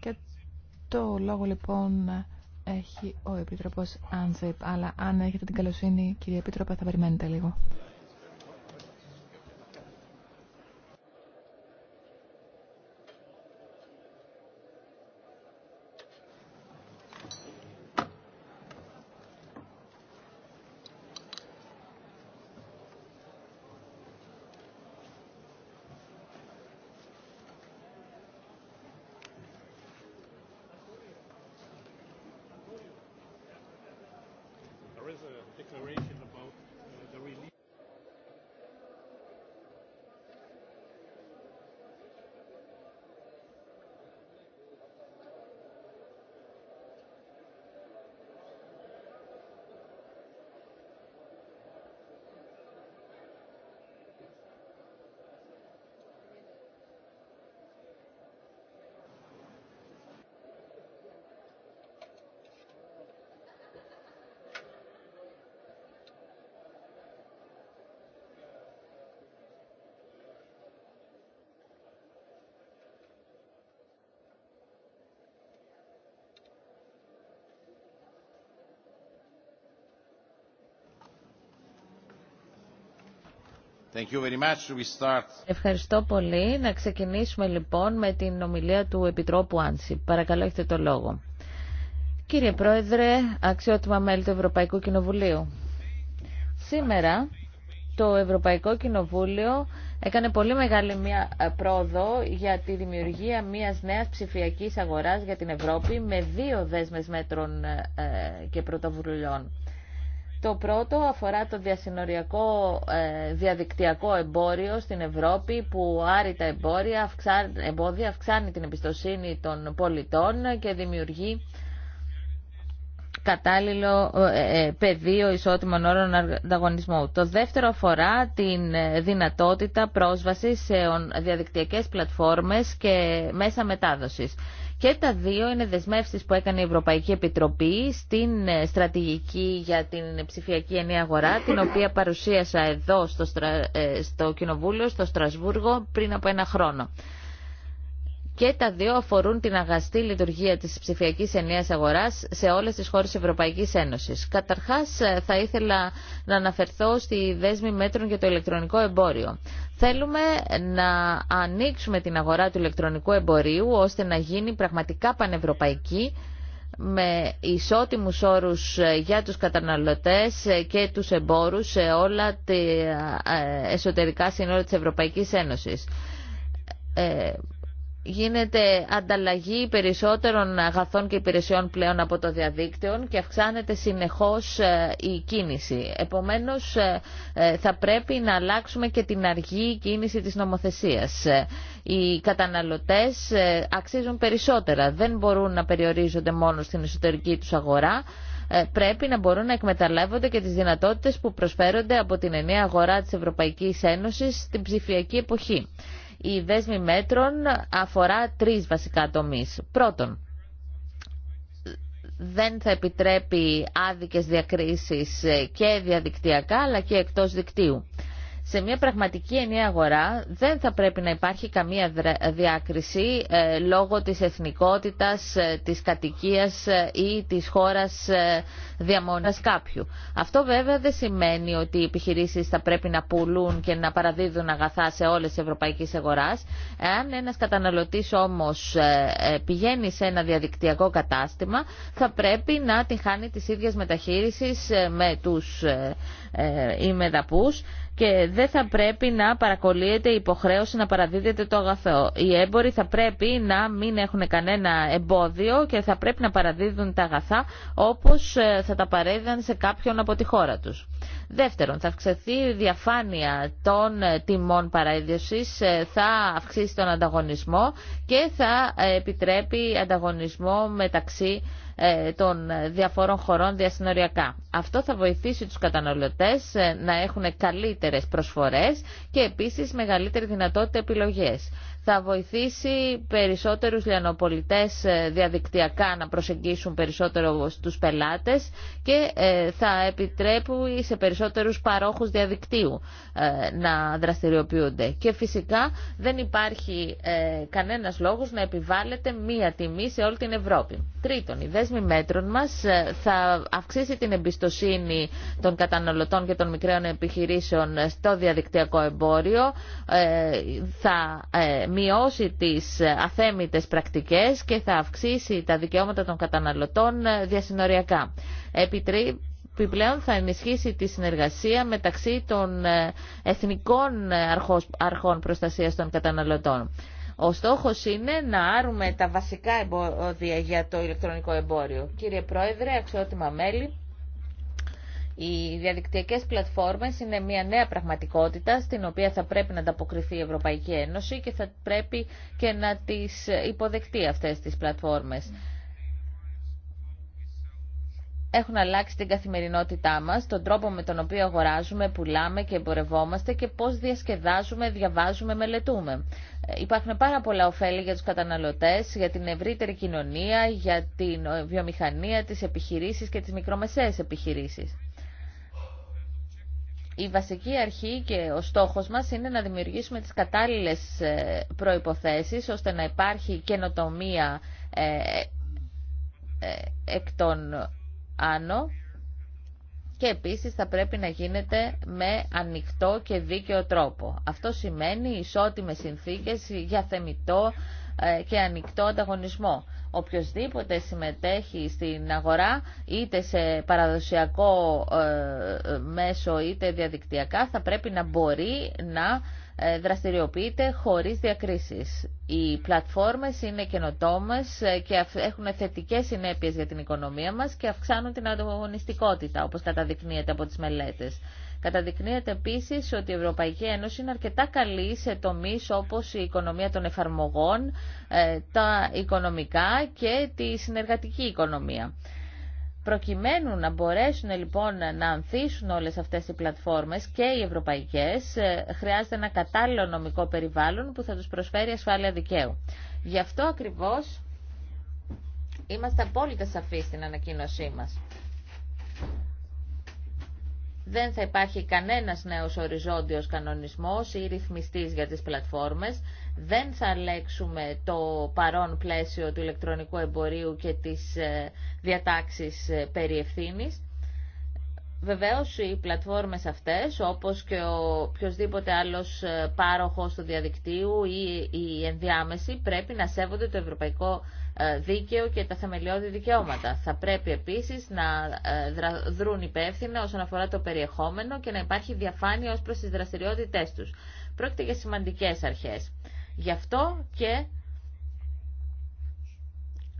Και το λόγο λοιπόν έχει ο Επίτροπος Άντζεπ. αλλά αν έχετε την καλοσύνη, κύριε Επίτροπε, θα περιμένετε λίγο. Ευχαριστώ πολύ. Να ξεκινήσουμε λοιπόν με την ομιλία του Επιτρόπου Άνση. Παρακαλώ, έχετε το λόγο. Κύριε Πρόεδρε, αξιότιμα μέλη του Ευρωπαϊκού Κοινοβουλίου. Σήμερα το Ευρωπαϊκό Κοινοβούλιο έκανε πολύ μεγάλη μια πρόοδο για τη δημιουργία μιας νέας ψηφιακής αγοράς για την Ευρώπη με δύο δέσμες μέτρων ε, και πρωτοβουλειών. Το πρώτο αφορά το διασυνοριακό ε, διαδικτυακό εμπόριο στην Ευρώπη που άρει τα εμπόρια, αυξάνει, εμπόδια, αυξάνει την εμπιστοσύνη των πολιτών και δημιουργεί κατάλληλο ε, ε, πεδίο ισότιμων όρων ανταγωνισμού. Το δεύτερο αφορά την δυνατότητα πρόσβασης σε διαδικτυακές πλατφόρμες και μέσα μετάδοσης. Και τα δύο είναι δεσμεύσεις που έκανε η Ευρωπαϊκή Επιτροπή στην ε, στρατηγική για την ψηφιακή ενία αγορά, την οποία παρουσίασα εδώ στο, ε, στο Κοινοβούλιο, στο Στρασβούργο, πριν από ένα χρόνο και τα δύο αφορούν την αγαστή λειτουργία της ψηφιακής ενίας αγοράς σε όλες τις χώρες Ευρωπαϊκής Ένωσης. Καταρχάς ε, θα ήθελα να αναφερθώ στη δέσμη μέτρων για το ηλεκτρονικό εμπόριο. Θέλουμε να ανοίξουμε την αγορά του ηλεκτρονικού εμπορίου ώστε να γίνει πραγματικά πανευρωπαϊκή με ισότιμους όρους ε, για τους καταναλωτές ε, και τους εμπόρους σε όλα τα εσωτερικά σύνορα της Ευρωπαϊκής Ένωσης γίνεται ανταλλαγή περισσότερων αγαθών και υπηρεσιών πλέον από το διαδίκτυο και αυξάνεται συνεχώς ε, η κίνηση. Επομένως ε, ε, θα πρέπει να αλλάξουμε και την αργή κίνηση της νομοθεσίας. Οι καταναλωτές αξίζουν περισσότερα, δεν μπορούν να περιορίζονται μόνο στην εσωτερική τους αγορά πρέπει να μπορούν να εκμεταλλεύονται και τις δυνατότητες που προσφέρονται από την ενιαία αγορά της Ευρωπαϊκής Ένωσης στην ψηφιακή εποχή η δέσμη μέτρων αφορά τρεις βασικά τομείς. Πρώτον, δεν θα επιτρέπει άδικες διακρίσεις και διαδικτυακά αλλά και εκτός δικτύου. Σε μια πραγματική ενιαία αγορά δεν θα πρέπει να υπάρχει καμία διάκριση ε, λόγω της εθνικότητας, ε, της κατοικίας ε, ή της χώρας διαμονής κάποιου. Αυτό βέβαια δεν σημαίνει ότι οι επιχειρήσεις θα πρέπει να πουλούν και να παραδίδουν αγαθά σε όλες τις ευρωπαϊκές αγοράς. Εάν ένας καταναλωτής όμως πηγαίνει σε ένα διαδικτυακό κατάστημα θα πρέπει να την χάνει της ίδιας μεταχείρισης με τους ημεδαπούς και δεν θα πρέπει να παρακολύεται η υποχρέωση να παραδίδεται το αγαθό. Οι έμποροι θα πρέπει να μην έχουν κανένα εμπόδιο και θα πρέπει να παραδίδουν τα αγαθά όπως ε, θα τα παρέδιδαν σε κάποιον από τη χώρα τους. Δεύτερον, θα αυξηθεί η διαφάνεια των ε, τιμών παραίδευσης, ε, θα αυξήσει τον ανταγωνισμό και θα επιτρέπει ανταγωνισμό μεταξύ ε, των διαφορών χωρών διασυνοριακά. Αυτό θα βοηθήσει τους καταναλωτές ε, να έχουν καλύτερες προσφορές και επίσης μεγαλύτερη δυνατότητα επιλογές θα βοηθήσει περισσότερους λιανοπολιτές ε, διαδικτυακά να προσεγγίσουν περισσότερο τους πελάτες και ε, θα επιτρέπει σε περισσότερους παρόχους διαδικτύου ε, να δραστηριοποιούνται. Και φυσικά δεν υπάρχει κανένας λόγος να επιβάλλεται μία τιμή σε όλη την Ευρώπη. Τρίτον, η δέσμη μέτρων μας θα αυξήσει την εμπιστοσύνη των καταναλωτών και των μικρών επιχειρήσεων στο διαδικτυακό εμπόριο, θα μειώσει τις αθέμητες πρακτικές και θα αυξήσει τα δικαιώματα των καταναλωτών διασυνοριακά. επιπλέον θα ενισχύσει τη συνεργασία μεταξύ των ε, εθνικών ε, αρχών προστασίας των καταναλωτών. Ο στόχος είναι να άρουμε τα βασικά εμπόδια για το ηλεκτρονικό εμπόριο. Κύριε Πρόεδρε, αξιότιμα μέλη, οι διαδικτυακές πλατφόρμες είναι μια νέα πραγματικότητα στην οποία θα πρέπει να ανταποκριθεί η Ευρωπαϊκή Ένωση και θα πρέπει και να τις υποδεχτεί αυτές τις πλατφόρμες έχουν αλλάξει την καθημερινότητά μας, τον τρόπο με τον οποίο αγοράζουμε, πουλάμε και εμπορευόμαστε και πώς διασκεδάζουμε, διαβάζουμε, μελετούμε. Ε, υπάρχουν πάρα πολλά ωφέλη για τους καταναλωτές, για την ευρύτερη κοινωνία, για την ε, βιομηχανία, τις επιχειρήσεις και τις μικρομεσαίες επιχειρήσεις η βασική αρχή και ο στόχος μας είναι να δημιουργήσουμε τις κατάλληλες ε, προϋποθέσεις ώστε να υπάρχει καινοτομία ε, ε, εκ των άνω και επίσης θα πρέπει να γίνεται με ανοιχτό και δίκαιο τρόπο. Αυτό σημαίνει ισότιμες συνθήκες για θεμητό ε, και ανοιχτό ανταγωνισμό. Οποιοςδήποτε συμμετέχει στην αγορά, είτε σε παραδοσιακό ε, μέσο είτε διαδικτυακά, θα πρέπει να μπορεί να ε, δραστηριοποιείται χωρίς διακρίσεις. Οι πλατφόρμες είναι καινοτόμες και έχουν θετικές συνέπειες για την οικονομία μας και αυξάνουν την ανταγωνιστικότητα, όπως καταδεικνύεται από τις μελέτες. Καταδεικνύεται επίσης ότι η Ευρωπαϊκή Ένωση είναι αρκετά καλή σε τομεί όπως η οικονομία των εφαρμογών, ε, τα οικονομικά και τη συνεργατική οικονομία. Προκειμένου να μπορέσουν λοιπόν να ανθίσουν όλες αυτές οι πλατφόρμες και οι ευρωπαϊκές, ε, χρειάζεται ένα κατάλληλο νομικό περιβάλλον που θα τους προσφέρει ασφάλεια δικαίου. Γι' αυτό ακριβώς είμαστε απόλυτα σαφείς στην ανακοίνωσή μας δεν θα υπάρχει κανένας νέος οριζόντιος κανονισμός ή ρυθμιστής για τις πλατφόρμες. Δεν θα αλλάξουμε το παρόν πλαίσιο του ηλεκτρονικού εμπορίου και της ε, διατάξεις ε, περί ευθύνης. Βεβαίως οι πλατφόρμες αυτές, όπως και ο οποιοδήποτε άλλος ε, πάροχος του διαδικτύου ή η ενδιάμεση, πρέπει να σέβονται το ευρωπαϊκό ε, δίκαιο και τα θεμελιώδη δικαιώματα. Θα πρέπει επίσης να ε, δρουν υπεύθυνα όσον αφορά το περιεχόμενο και να υπάρχει διαφάνεια ως προς τις δραστηριότητές τους. Πρόκειται για σημαντικές αρχές. Γι' αυτό και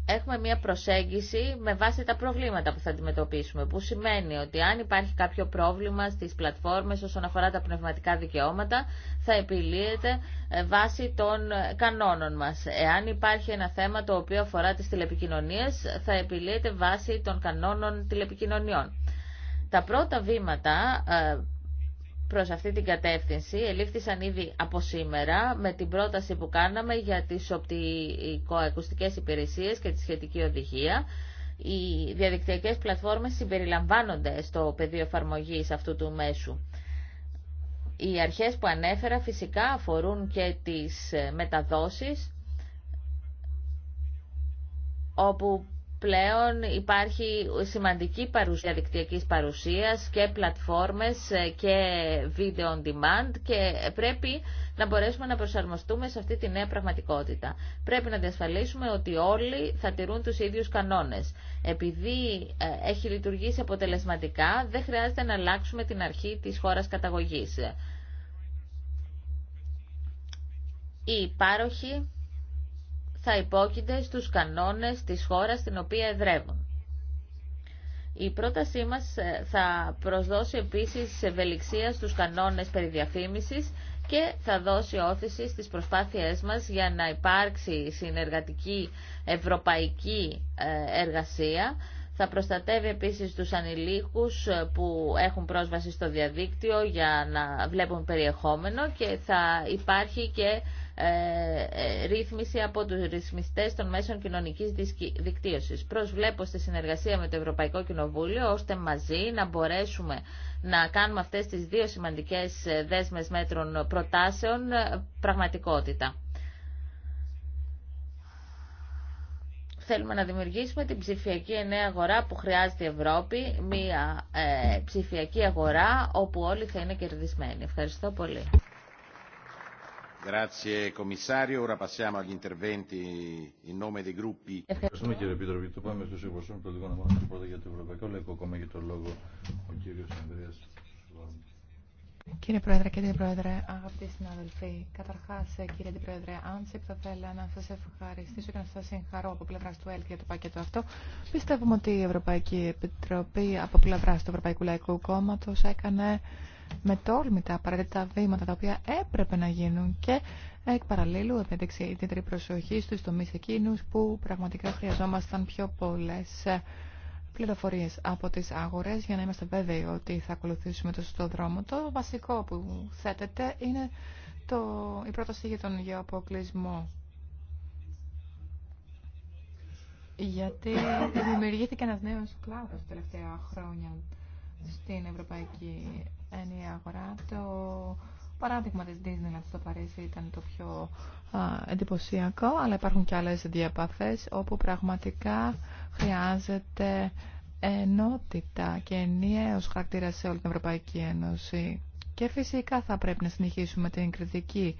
έχουμε μια προσέγγιση με βάση τα προβλήματα που θα αντιμετωπίσουμε, που σημαίνει ότι αν υπάρχει κάποιο πρόβλημα στις πλατφόρμες όσον αφορά τα πνευματικά δικαιώματα, θα επιλύεται ε, βάσει των ε, κανόνων μας. Εάν υπάρχει ένα θέμα το οποίο αφορά τις τηλεπικοινωνίες, θα επιλύεται βάσει των κανόνων τηλεπικοινωνιών. Τα πρώτα βήματα ε, προς αυτή την κατεύθυνση ελήφθησαν ήδη από σήμερα με την πρόταση που κάναμε για τις οπτικοακουστικές υπηρεσίες και τη σχετική οδηγία. Οι διαδικτυακές πλατφόρμες συμπεριλαμβάνονται στο πεδίο εφαρμογή αυτού του μέσου. Οι αρχές που ανέφερα φυσικά αφορούν και τις μεταδόσεις όπου πλέον υπάρχει σημαντική παρουσία διαδικτυακής παρουσίας και πλατφόρμες ε, και video on demand και πρέπει να μπορέσουμε να προσαρμοστούμε σε αυτή τη νέα πραγματικότητα. Πρέπει να διασφαλίσουμε ότι όλοι θα τηρούν τους ίδιους κανόνες. Επειδή ε, έχει λειτουργήσει αποτελεσματικά, δεν χρειάζεται να αλλάξουμε την αρχή της χώρας καταγωγής. Οι υπάροχοι θα υπόκεινται στους κανόνες της χώρας στην οποία εδρεύουν. Η πρότασή μας ε, θα προσδώσει επίσης ευελιξία στους κανόνες διαφήμισης και θα δώσει όθηση στις προσπάθειές μας για να υπάρξει συνεργατική ευρωπαϊκή ε, εργασία. Θα προστατεύει επίσης τους ανηλίκους ε, που έχουν πρόσβαση στο διαδίκτυο για να βλέπουν περιεχόμενο και θα υπάρχει και ε, ε, ρύθμιση από τους ρυθμιστές των μέσων κοινωνικής δικτύωσης. Προσβλέπω στη συνεργασία με το Ευρωπαϊκό Κοινοβούλιο ώστε μαζί να μπορέσουμε να κάνουμε αυτές τις δύο σημαντικές ε, δέσμες μέτρων προτάσεων πραγματικότητα. θέλουμε να δημιουργήσουμε την ψηφιακή νέα αγορά που χρειάζεται η Ευρώπη, μια ψηφιακή αγορά όπου όλοι θα είναι κερδισμένοι. Ευχαριστώ πολύ. Ευχαριστούμε κύριε Επίτροπε. Το πάμε στους υποσχόμενους πολιτικών ομάδων. Πρώτα για το Ευρωπαϊκό Λαϊκό Κόμμα και τον λόγο ο κύριος Ανδρέας Κύριε Πρόεδρε, κύριε Πρόεδρε, αγαπητοί συναδελφοί, καταρχά, κύριε Αντιπρόεδρε, Άντσιπ, θα ήθελα να σα ευχαριστήσω και να σα συγχαρώ από πλευρά του ΕΛΚ για το πακέτο αυτό. Πιστεύουμε ότι η Ευρωπαϊκή Επιτροπή από πλευρά του Ευρωπαϊκού Λαϊκού Κόμματο έκανε με τόλμη τα απαραίτητα βήματα τα οποία έπρεπε να γίνουν και εκ παραλλήλου επέδειξε ιδιαίτερη προσοχή στους τομείς εκείνους που πραγματικά χρειαζόμασταν πιο πολλές ε, πληροφορίε από τις αγορές για να είμαστε βέβαιοι ότι θα ακολουθήσουμε το σωστό δρόμο. Το βασικό που θέτεται είναι το, η πρόταση για τον γεωποκλεισμό. Γιατί δημιουργήθηκε ένας νέος κλάδος τελευταία χρόνια στην Ευρωπαϊκή Ένωση Αγορά. Το παράδειγμα της Disneyland το Παρίσι ήταν το πιο εντυπωσιακό, αλλά υπάρχουν και άλλες διαπαθές όπου πραγματικά χρειάζεται ενότητα και ενιαίος χαρακτήρα σε όλη την Ευρωπαϊκή Ένωση. Και φυσικά θα πρέπει να συνεχίσουμε την κριτική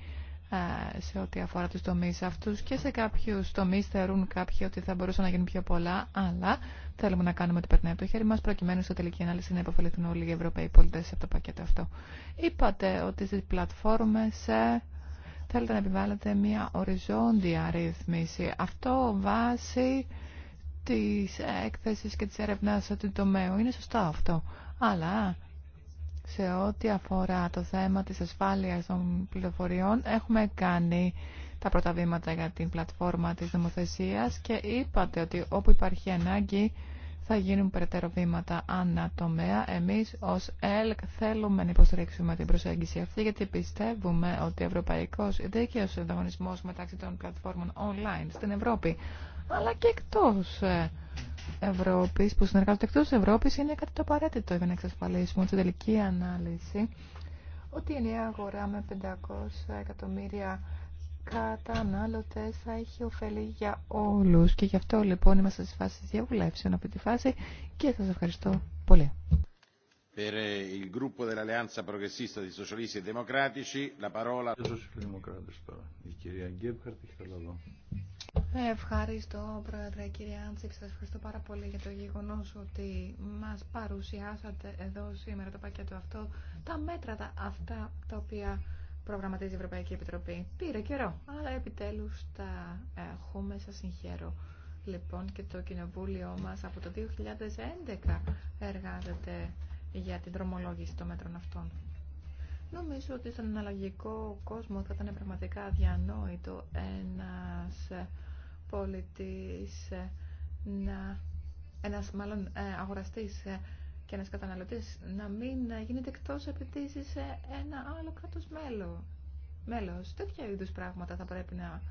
σε ό,τι αφορά τους τομείς αυτούς και σε κάποιους τομείς θεωρούν κάποιοι ότι θα μπορούσαν να γίνουν πιο πολλά, αλλά Θέλουμε να κάνουμε ότι περνάει από το χέρι μα, προκειμένου στο τελική ανάλυση να υποφεληθούν όλοι οι Ευρωπαίοι πολίτε από το πακέτο αυτό. Είπατε ότι στι πλατφόρμε ε, θέλετε να επιβάλλετε μια οριζόντια ρύθμιση. Αυτό βάσει τη έκθεση και τη έρευνα του τομέα. Είναι σωστό αυτό. Αλλά σε ό,τι αφορά το θέμα της ασφάλειας των πληροφοριών έχουμε κάνει τα πρώτα βήματα για την πλατφόρμα της νομοθεσίας και είπατε ότι όπου υπάρχει ανάγκη θα γίνουν περαιτέρω βήματα ανά τομέα. Εμείς ως ΕΛΚ θέλουμε να υποστηρίξουμε την προσέγγιση αυτή γιατί πιστεύουμε ότι ο ευρωπαϊκός δίκαιος ανταγωνισμός μεταξύ των πλατφόρμων online στην Ευρώπη αλλά και εκτός ε, Ευρώπης που συνεργάζονται εκτός Ευρώπης είναι κάτι το απαραίτητο για να εξασφαλίσουμε την τελική ανάλυση ότι η νέα αγορά με 500 εκατομμύρια κατανάλωτες θα έχει ωφέλη για όλου. Και γι' αυτό λοιπόν είμαστε στις φάσεις διαβουλεύσεων από τη φάση και σας ευχαριστώ πολύ. Per ε, il gruppo dell'Alleanza Progressista di Socialisti e Democratici, la parola... Η κυρία Γκέμπχαρτ έχει το λόγο. Ευχαριστώ, Πρόεδρε, κύριε Άντσιξ. Σας ευχαριστώ πάρα πολύ για το γεγονό ότι μας παρουσιάσατε εδώ σήμερα το πακέτο αυτό, τα μέτρα τα, αυτά τα οποία προγραμματίζει η Ευρωπαϊκή Επιτροπή. Πήρε καιρό, αλλά επιτέλους τα έχουμε, σας συγχαίρω. Λοιπόν και το κοινοβούλιο μας από το 2011 εργάζεται για την δρομολόγηση των μέτρων αυτών. Νομίζω ότι στον αναλογικό κόσμο θα ήταν πραγματικά αδιανόητο ένας πολιτής να ένας μάλλον ε, αγοραστής ε, και ένας καταναλωτής να μην γίνεται εκτός απαιτήσει σε ένα άλλο κράτος μέλο. μέλος. Τέτοια είδου πράγματα θα πρέπει να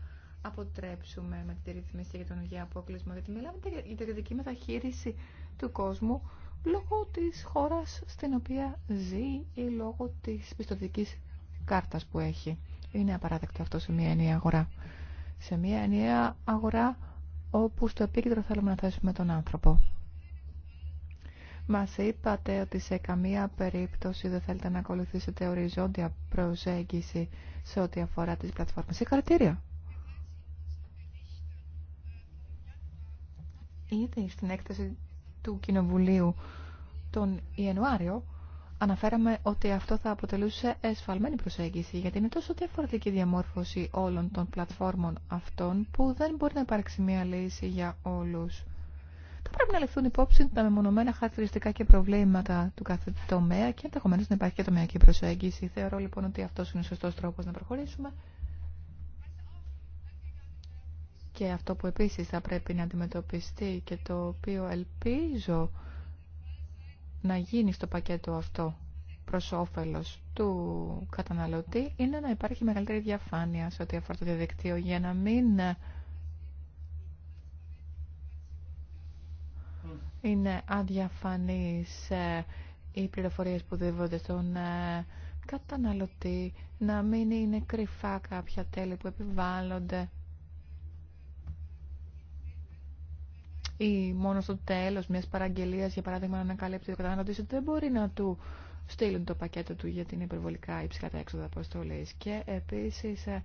αποτρέψουμε με τη ρυθμίση για τον υγεία Αποκλείσμα, γιατί μιλάμε για τη δική μεταχείριση του κόσμου λόγω της χώρας στην οποία ζει ή λόγω της πιστοτικής κάρτας που έχει. Είναι απαράδεκτο αυτό σε μια ενιαία αγορά. Σε μια ενιαία αγορά όπου στο επίκεντρο θέλουμε να θέσουμε τον άνθρωπο. Μας είπατε ότι σε καμία περίπτωση δεν θέλετε να ακολουθήσετε οριζόντια προσέγγιση σε ό,τι αφορά τις πλατφόρμες. Συγχαρητήρια. Ήδη στην έκθεση του Κοινοβουλίου τον Ιανουάριο αναφέραμε ότι αυτό θα αποτελούσε εσφαλμένη προσέγγιση γιατί είναι τόσο διαφορετική διαμόρφωση όλων των πλατφόρμων αυτών που δεν μπορεί να υπάρξει μια λύση για όλους θα πρέπει να ληφθούν υπόψη τα μεμονωμένα χαρακτηριστικά και προβλήματα του κάθε τομέα και ενδεχομένω να υπάρχει και τομεακή προσέγγιση. Θεωρώ λοιπόν ότι αυτό είναι ο σωστό τρόπο να προχωρήσουμε. Και αυτό που επίσης θα πρέπει να αντιμετωπιστεί και το οποίο ελπίζω να γίνει στο πακέτο αυτό προς όφελος του καταναλωτή είναι να υπάρχει μεγαλύτερη διαφάνεια σε ό,τι αφορά το διαδικτύο για να μην είναι αδιαφανείς ε, οι πληροφορίες που δίδονται στον ε, καταναλωτή, να μην είναι κρυφά κάποια τέλη που επιβάλλονται ή μόνο στο τέλος μιας παραγγελίας, για παράδειγμα, να ανακαλύπτει ο καταναλωτή ότι δεν μπορεί να του στείλουν το πακέτο του γιατί είναι υπερβολικά υψηλά τα έξοδα αποστολής. Και επίσης ε,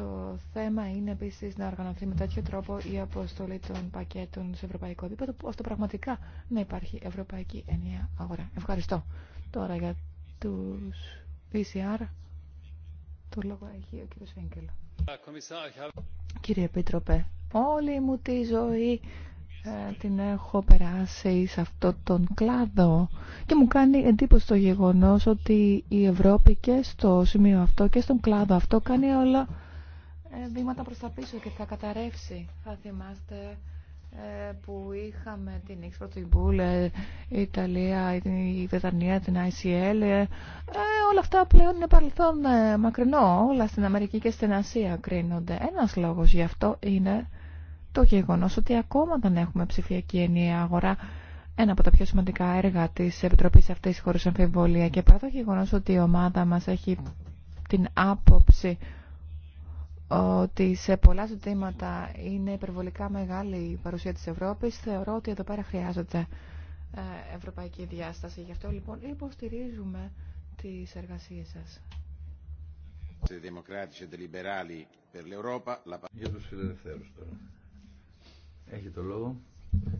το θέμα είναι επίση να οργανωθεί με τέτοιο τρόπο η αποστολή των πακέτων σε ευρωπαϊκό επίπεδο, ώστε πραγματικά να υπάρχει ευρωπαϊκή ενιαία αγορά. Ευχαριστώ. Τώρα για του VCR, το λόγο έχει ο κύριο Φέγκελ. Κύριε Επίτροπε, όλη μου τη ζωή ε, την έχω περάσει σε αυτόν τον κλάδο και μου κάνει εντύπωση το γεγονός ότι η Ευρώπη και στο σημείο αυτό και στον κλάδο αυτό κάνει όλα ε, βήματα προς τα πίσω και θα καταρρεύσει. Θα θυμάστε ε, που είχαμε την Expo, Bull, ε, η Ιταλία, η Βρετανία, την ICL. Ε, όλα αυτά πλέον είναι παρελθόν μακρινό. Όλα στην Αμερική και στην Ασία κρίνονται. Ένας λόγος γι' αυτό είναι το γεγονός ότι ακόμα δεν έχουμε ψηφιακή ενιαία αγορά. Ένα από τα πιο σημαντικά έργα της Επιτροπής αυτής χωρίς αμφιβολία και παρά το γεγονός ότι η ομάδα μας έχει την άποψη ότι σε πολλά ζητήματα είναι υπερβολικά μεγάλη η παρουσία της Ευρώπης, θεωρώ ότι εδώ πέρα χρειάζεται ε, ευρωπαϊκή διάσταση. Γι' αυτό λοιπόν υποστηρίζουμε τις εργασίες σας. Για τους φιλελευθέρους τώρα. Έχει το λόγο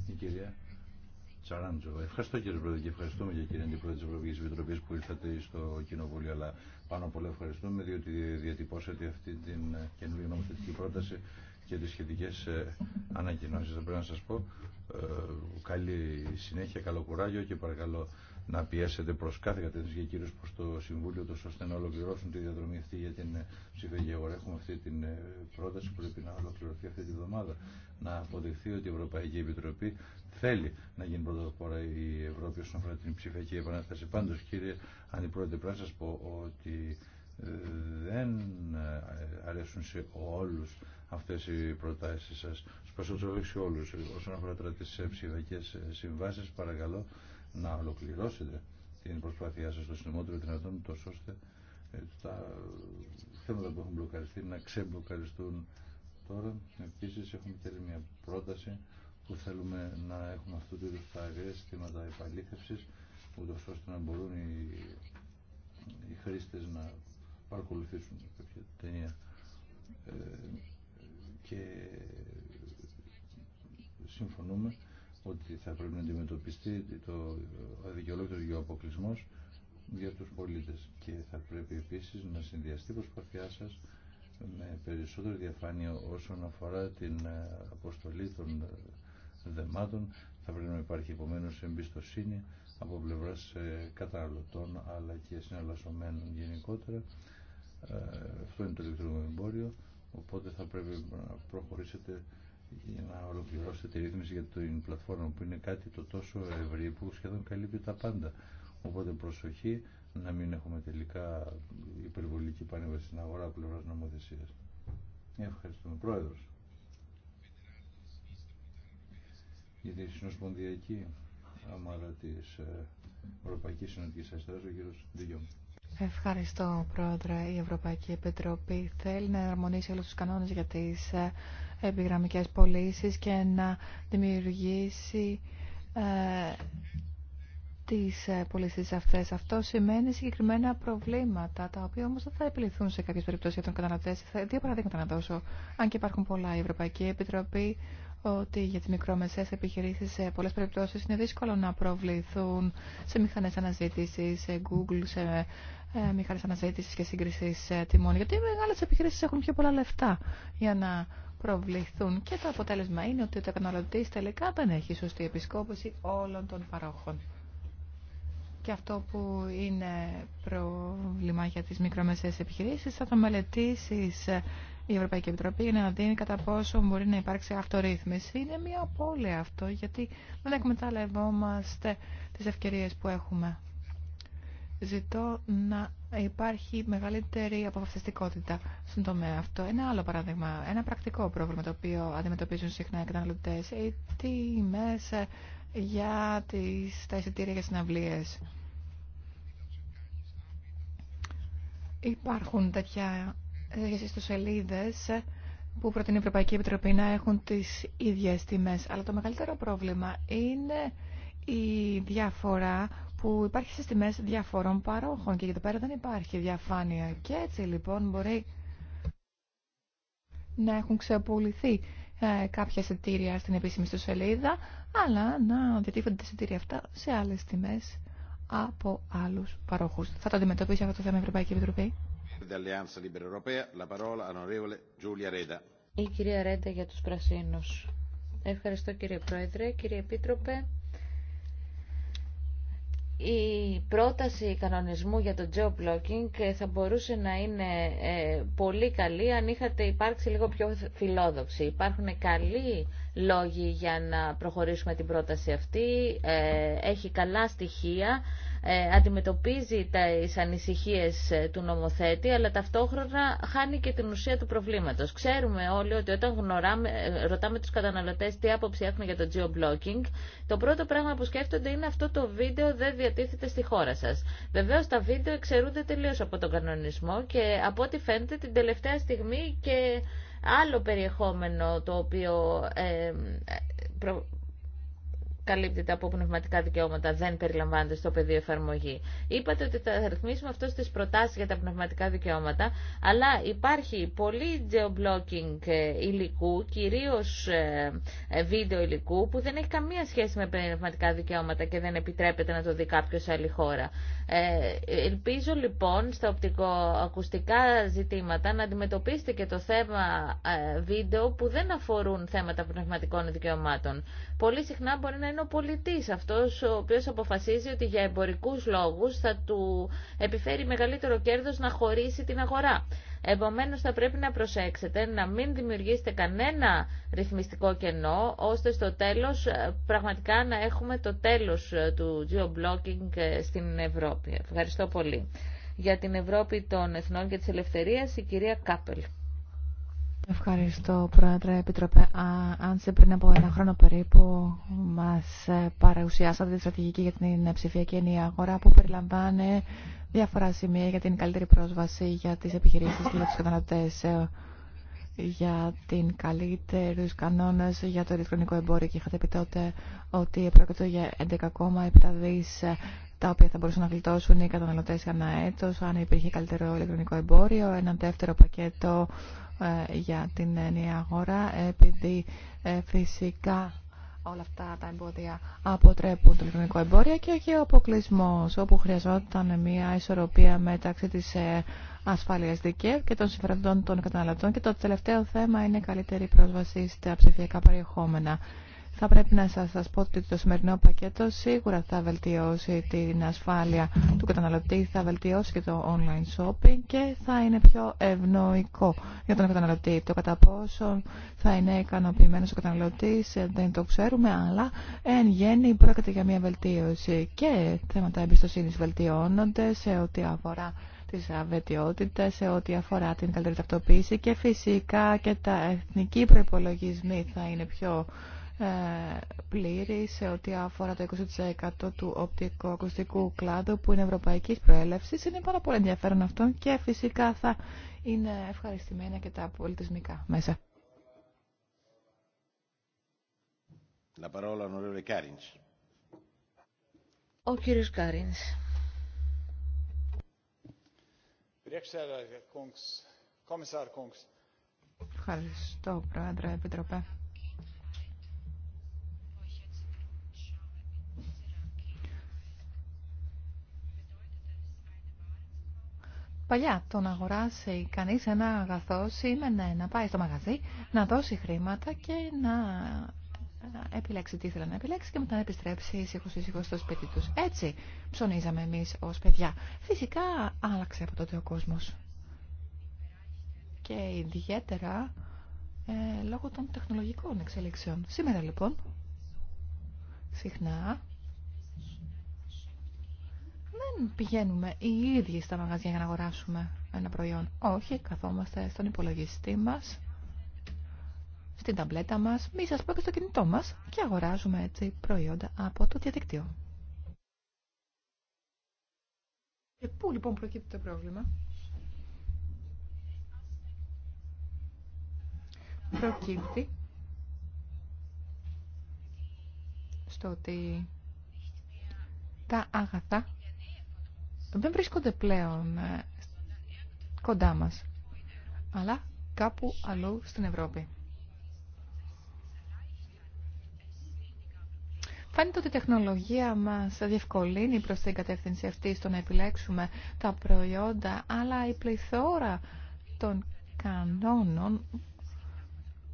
η κυρία Ευχαριστώ κύριε Πρόεδρε και ευχαριστούμε για κύριε Αντιπρόεδρε τη Ευρωπαϊκή Επιτροπή που ήρθατε στο Κοινοβούλιο. Αλλά πάνω απ' όλα ευχαριστούμε διότι διατυπώσατε αυτή την ε, καινούργια νομοθετική πρόταση και τι σχετικέ ε, ανακοινώσει. Θα πρέπει να σα πω ε, καλή συνέχεια, καλό κουράγιο και παρακαλώ να πιέσετε προ κάθε κατεύθυνση και κυρίω προ το Συμβούλιο, τόσο ώστε να ολοκληρώσουν τη διαδρομή αυτή για την ε, ψηφιακή αγορά. Έχουμε αυτή την ε, πρόταση που πρέπει να ολοκληρωθεί αυτή τη βδομάδα. Να αποδειχθεί ότι η Ευρωπαϊκή Επιτροπή θέλει να γίνει πρωτοπόρα η Ευρώπη όσον αφορά την ψηφιακή επανάσταση. Πάντω, κύριε Αντιπρόεδρε, πρέπει να σα πω ότι ε, δεν αρέσουν σε όλους αυτές οι προτάσεις σας. Σπασότσο όχι όλους. Όσον αφορά τι ψηφιακέ συμβάσει, παρακαλώ να ολοκληρώσετε την προσπάθειά σας στο συνομότερο δυνατόν, τόσο ώστε ε, τα θέματα που έχουν μπλοκαριστεί να ξεμπλοκαριστούν τώρα. Επίση έχουμε και μια πρόταση που θέλουμε να έχουμε αυτού του είδους τα αγραία συστήματα επαλήθευσης, ούτως ώστε να μπορούν οι, οι χρήστες να παρακολουθήσουν κάποια ταινία. Ε, και συμφωνούμε ότι θα πρέπει να αντιμετωπιστεί το αδικαιολόγητο γεωαποκλεισμό για του πολίτε. και θα πρέπει επίση να συνδυαστεί η προσπαθειά σα με περισσότερη διαφάνεια όσον αφορά την αποστολή των δεμάτων θα πρέπει να υπάρχει επομένω εμπιστοσύνη από πλευρά ε, καταναλωτών αλλά και συναλλασσομένων γενικότερα ε, αυτό είναι το ηλεκτρονικό εμπόριο οπότε θα πρέπει να προχωρήσετε για να ολοκληρώσετε τη ρύθμιση για την πλατφόρμα που είναι κάτι το τόσο ευρύ που σχεδόν καλύπτει τα πάντα. Οπότε προσοχή να μην έχουμε τελικά υπερβολική πανέβαση στην αγορά πλευρά νομοθεσία. Ευχαριστούμε. Πρόεδρο. Για τη συνοσπονδιακή άμαρα τη ε, Ευρωπαϊκή Συνοτική Αριστερά, ο κύριο Ντιγιόμ. Ευχαριστώ, Πρόεδρε. Η Ευρωπαϊκή Επιτροπή θέλει να εναρμονίσει όλου του κανόνε για τι ε, επιγραμμικές πωλήσει και να δημιουργήσει ε, τις ε, πωλήσει αυτές. Αυτό σημαίνει συγκεκριμένα προβλήματα, τα οποία όμως δεν θα επιληθούν σε κάποιες περιπτώσεις για τον καταναλωτέ. Δύο παραδείγματα να δώσω, αν και υπάρχουν πολλά. Η Ευρωπαϊκή Επιτροπή ότι για τις μικρομεσαίες επιχειρήσεις σε πολλές περιπτώσεις είναι δύσκολο να προβληθούν σε μηχανές αναζήτησης, σε Google, σε ε, μηχανές αναζήτησης και σύγκρισης ε, τιμών. Γιατί οι μεγάλες επιχειρήσεις έχουν πιο πολλά λεφτά για να προβληθούν και το αποτέλεσμα είναι ότι ο καταναλωτή τελικά δεν έχει σωστή επισκόπηση όλων των παρόχων. Και αυτό που είναι πρόβλημα για τις μικρομεσαίες επιχειρήσεις θα το μελετήσει η Ευρωπαϊκή Επιτροπή για να δίνει κατά πόσο μπορεί να υπάρξει αυτορύθμιση. Είναι μια απώλεια αυτό γιατί δεν εκμεταλλευόμαστε τις ευκαιρίες που έχουμε. Ζητώ να υπάρχει μεγαλύτερη αποφασιστικότητα στον τομέα αυτό. Ένα άλλο παράδειγμα, ένα πρακτικό πρόβλημα το οποίο αντιμετωπίζουν συχνά οι καταναλωτέ, οι τιμέ για τις, τα εισιτήρια για συναυλίε. Υπάρχουν τέτοια ιστοσελίδε που προτείνει η Ευρωπαϊκή Επιτροπή να έχουν τις ίδιες τιμές. Αλλά το μεγαλύτερο πρόβλημα είναι η διαφορά που υπάρχει στις τιμές διαφορών παρόχων και για το πέρα δεν υπάρχει διαφάνεια. Και έτσι λοιπόν μπορεί να έχουν ξεπουληθεί ε, κάποια εισιτήρια στην επίσημη στο σελίδα, αλλά να διατύφονται τα εισιτήρια αυτά σε άλλες τιμές από άλλους παρόχους. Θα το αντιμετωπίσει αυτό το θέμα η Ευρωπαϊκή Επιτροπή. Η κυρία Ρέντα για τους πρασίνους. Ευχαριστώ κύριε Πρόεδρε. Κύριε Επίτροπε, η πρόταση κανονισμού για το geo-blocking ε, θα μπορούσε να είναι ε, πολύ καλή αν είχατε υπάρξει λίγο πιο φιλόδοξη. Υπάρχουν καλοί λόγοι για να προχωρήσουμε την πρόταση αυτή, ε, έχει καλά στοιχεία ε, αντιμετωπίζει τις ανησυχίες ε, του νομοθέτη, αλλά ταυτόχρονα χάνει και την ουσία του προβλήματος. Ξέρουμε όλοι ότι όταν γνωράμε, ε, ρωτάμε τους καταναλωτές τι άποψη έχουν για το geo-blocking, το πρώτο πράγμα που σκέφτονται είναι αυτό το βίντεο δεν διατίθεται στη χώρα σας. Βεβαίως τα βίντεο εξαιρούνται τελείως από τον κανονισμό και από ό,τι φαίνεται την τελευταία στιγμή και άλλο περιεχόμενο το οποίο ε, καλύπτεται από πνευματικά δικαιώματα δεν περιλαμβάνεται στο πεδίο εφαρμογή. Είπατε ότι θα ρυθμίσουμε αυτό στις προτάσεις για τα πνευματικά δικαιώματα, αλλά υπάρχει πολύ geoblocking ε, υλικού, κυρίως ε, ε, βίντεο υλικού, που δεν έχει καμία σχέση με πνευματικά δικαιώματα και δεν επιτρέπεται να το δει κάποιο σε άλλη χώρα. ελπίζω λοιπόν στα οπτικοακουστικά ζητήματα να αντιμετωπίσετε και το θέμα βίντεο που δεν αφορούν θέματα πνευματικών δικαιωμάτων. Πολύ συχνά μπορεί να είναι ο πολιτής αυτός ο οποίος αποφασίζει ότι για εμπορικούς λόγους θα του επιφέρει μεγαλύτερο κέρδος να χωρίσει την αγορά. Επομένως θα πρέπει να προσέξετε να μην δημιουργήσετε κανένα ρυθμιστικό κενό ώστε στο τέλος ε, πραγματικά να έχουμε το τέλος ε, του geo-blocking ε, στην Ευρώπη. Ευχαριστώ πολύ. Για την Ευρώπη των Εθνών και της Ελευθερίας η κυρία Κάπελ. Ευχαριστώ, Πρόεδρε Επιτροπέ. Αν σε πριν από ένα χρόνο περίπου μας παρουσιάσατε τη στρατηγική για την ψηφιακή ενιαία αγορά που περιλαμβάνει διάφορα σημεία για την καλύτερη πρόσβαση για τις επιχειρήσεις και για τους καταναλωτές ε, για την καλύτερους κανόνες για το ηλεκτρονικό εμπόριο και είχατε πει τότε ότι πρόκειται για 11,7 δις ε, τα οποία θα μπορούσαν να γλιτώσουν οι καταναλωτές ανά έτος αν υπήρχε καλύτερο ηλεκτρονικό εμπόριο, ένα δεύτερο πακέτο ε, για την νέα αγορά επειδή ε, φυσικά όλα αυτά τα εμπόδια αποτρέπουν το λειτουργικό εμπόριο και όχι ο αποκλεισμό, όπου χρειαζόταν μια ισορροπία μεταξύ τη ε, ασφάλειας δικαίου και των συμφερόντων των καταναλωτών. Και το τελευταίο θέμα είναι καλύτερη πρόσβαση στα ψηφιακά περιεχόμενα. Θα πρέπει να σας, σας πω ότι το σημερινό πακέτο σίγουρα θα βελτιώσει την ασφάλεια του καταναλωτή, θα βελτιώσει και το online shopping και θα είναι πιο ευνοϊκό για τον καταναλωτή. Το κατά πόσο θα είναι ικανοποιημένος ο καταναλωτής ε, δεν το ξέρουμε, αλλά εν γέννη πρόκειται για μια βελτίωση και θέματα εμπιστοσύνης βελτιώνονται σε ό,τι αφορά τις αβετιότητες σε ό,τι αφορά την καλύτερη ταυτοποίηση και φυσικά και τα εθνικοί προπολογισμοί θα είναι πιο ε, πλήρη σε ό,τι αφορά το 20% του οπτικοακουστικού κλάδου που είναι ευρωπαϊκής προέλευσης. Είναι πάρα πολύ ενδιαφέρον αυτό και φυσικά θα είναι ευχαριστημένα και τα πολιτισμικά μέσα. Ο κύριος Ευχαριστώ, Πρόεδρε, Επιτροπέ. Παλιά το να αγοράσει κανείς ένα αγαθό σήμαινε να πάει στο μαγαζί, να δώσει χρήματα και να επιλέξει τι ήθελε να επιλέξει και μετά να επιστρέψει ήσυχο ήσυχο στο σπίτι τους. Έτσι ψωνίζαμε εμείς ως παιδιά. Φυσικά άλλαξε από τότε ο κόσμος. Και ιδιαίτερα ε, λόγω των τεχνολογικών εξελίξεων. Σήμερα λοιπόν, συχνά δεν πηγαίνουμε οι ίδιοι στα μαγαζιά για να αγοράσουμε ένα προϊόν. Όχι, καθόμαστε στον υπολογιστή μας, στην ταμπλέτα μας, μη σας πω και στο κινητό μας και αγοράζουμε έτσι προϊόντα από το διαδικτύο. Και πού λοιπόν προκύπτει το πρόβλημα. Προκύπτει στο ότι τα αγαθά δεν βρίσκονται πλέον ε, κοντά μας, αλλά κάπου αλλού στην Ευρώπη. Φαίνεται ότι η τεχνολογία μας διευκολύνει προς την κατεύθυνση αυτή στο να επιλέξουμε τα προϊόντα, αλλά η πληθώρα των κανόνων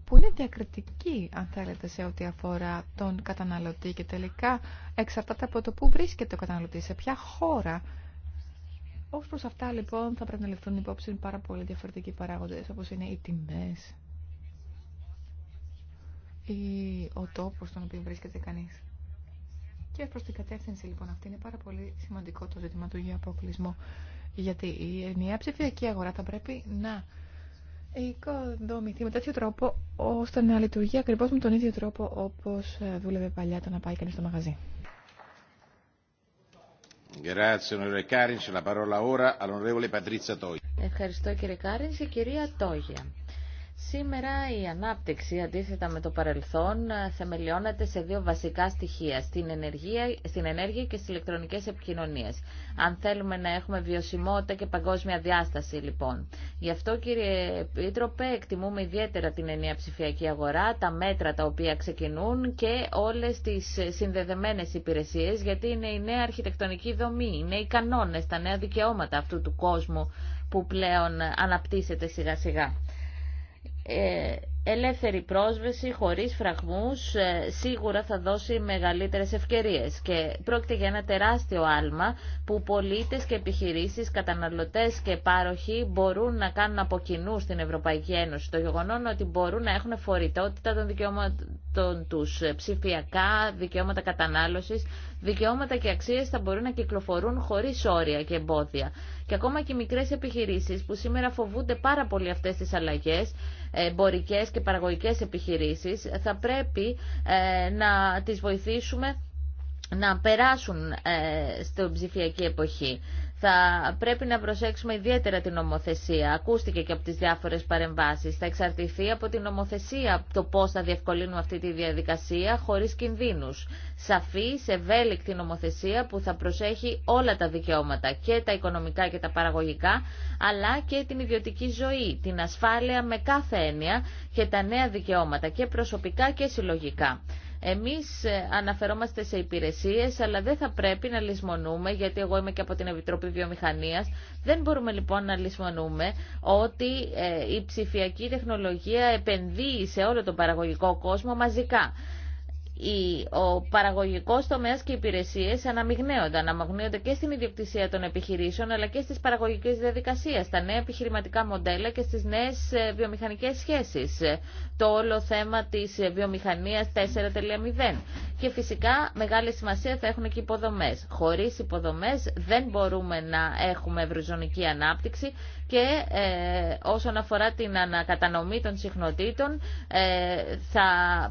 που είναι διακριτική, αν θέλετε, σε ό,τι αφορά τον καταναλωτή και τελικά εξαρτάται από το που βρίσκεται ο καταναλωτή, σε ποια χώρα Ω προ αυτά λοιπόν θα πρέπει να ληφθούν υπόψη πάρα πολλοί διαφορετικοί παράγοντε όπω είναι οι τιμέ, ή ο τόπο στον οποίο βρίσκεται κανεί. Και προ την κατεύθυνση λοιπόν αυτή είναι πάρα πολύ σημαντικό το ζήτημα του για αποκλεισμό. Γιατί η ενιαία ψηφιακή αγορά θα πρέπει να οικοδομηθεί με τέτοιο τρόπο ώστε να λειτουργεί ακριβώ με τον ίδιο τρόπο όπω ε, δούλευε παλιά το να πάει κανεί στο μαγαζί. Ευχαριστώ κύριε Κάρινς. και κυρία Τόγια. Σήμερα η ανάπτυξη, αντίθετα με το παρελθόν, θεμελιώνεται σε δύο βασικά στοιχεία, στην ενέργεια, στην ενέργεια και στις ηλεκτρονικές επικοινωνίες. Αν θέλουμε να έχουμε βιωσιμότητα και παγκόσμια διάσταση, λοιπόν. Γι' αυτό, κύριε Επίτροπε, εκτιμούμε ιδιαίτερα την ενιαία ψηφιακή αγορά, τα μέτρα τα οποία ξεκινούν και όλες τις συνδεδεμένες υπηρεσίες, γιατί είναι η νέα αρχιτεκτονική δομή, είναι οι κανόνες, τα νέα δικαιώματα αυτού του κόσμου που πλέον αναπτύσσεται σιγά-σιγά. Ε, ελεύθερη πρόσβεση, χωρίς φραγμούς, ε, σίγουρα θα δώσει μεγαλύτερες ευκαιρίες. Και πρόκειται για ένα τεράστιο άλμα που πολίτες και επιχειρήσεις, καταναλωτές και πάροχοι μπορούν να κάνουν από κοινού στην Ευρωπαϊκή Ένωση. Το γεγονό ότι μπορούν να έχουν φορητότητα των δικαιώματων τους ε, ψηφιακά, δικαιώματα κατανάλωσης, δικαιώματα και αξίες θα μπορούν να κυκλοφορούν χωρίς όρια και εμπόδια και ακόμα και μικρές επιχειρήσεις που σήμερα φοβούνται πάρα πολύ αυτές τις αλλαγές, εμπορικέ και παραγωγικές επιχειρήσεις, θα πρέπει ε, να τις βοηθήσουμε να περάσουν ε, στην ψηφιακή εποχή. Θα πρέπει να προσέξουμε ιδιαίτερα την νομοθεσία. Ακούστηκε και από τις διάφορες παρεμβάσεις. Θα εξαρτηθεί από την νομοθεσία το πώς θα διευκολύνουμε αυτή τη διαδικασία χωρίς κινδύνους. Σαφής, ευέλικτη νομοθεσία που θα προσέχει όλα τα δικαιώματα και τα οικονομικά και τα παραγωγικά αλλά και την ιδιωτική ζωή, την ασφάλεια με κάθε έννοια και τα νέα δικαιώματα και προσωπικά και συλλογικά. Εμείς ε, αναφερόμαστε σε υπηρεσίες, αλλά δεν θα πρέπει να λησμονούμε, γιατί εγώ είμαι και από την Επιτροπή Βιομηχανίας, δεν μπορούμε λοιπόν να λησμονούμε ότι ε, η ψηφιακή τεχνολογία επενδύει σε όλο τον παραγωγικό κόσμο μαζικά ο παραγωγικός τομέας και οι υπηρεσίες αναμειγνέονται. Αναμειγνέονται και στην ιδιοκτησία των επιχειρήσεων αλλά και στις παραγωγικές διαδικασίες, στα νέα επιχειρηματικά μοντέλα και στις νέες ε, βιομηχανικές σχέσεις. Το όλο θέμα της ε, βιομηχανίας 4.0. Και φυσικά μεγάλη σημασία θα έχουν και υποδομές. Χωρίς υποδομές δεν μπορούμε να έχουμε ευρυζωνική ανάπτυξη και ε, όσον αφορά την ανακατανομή των συχνοτήτων ε, θα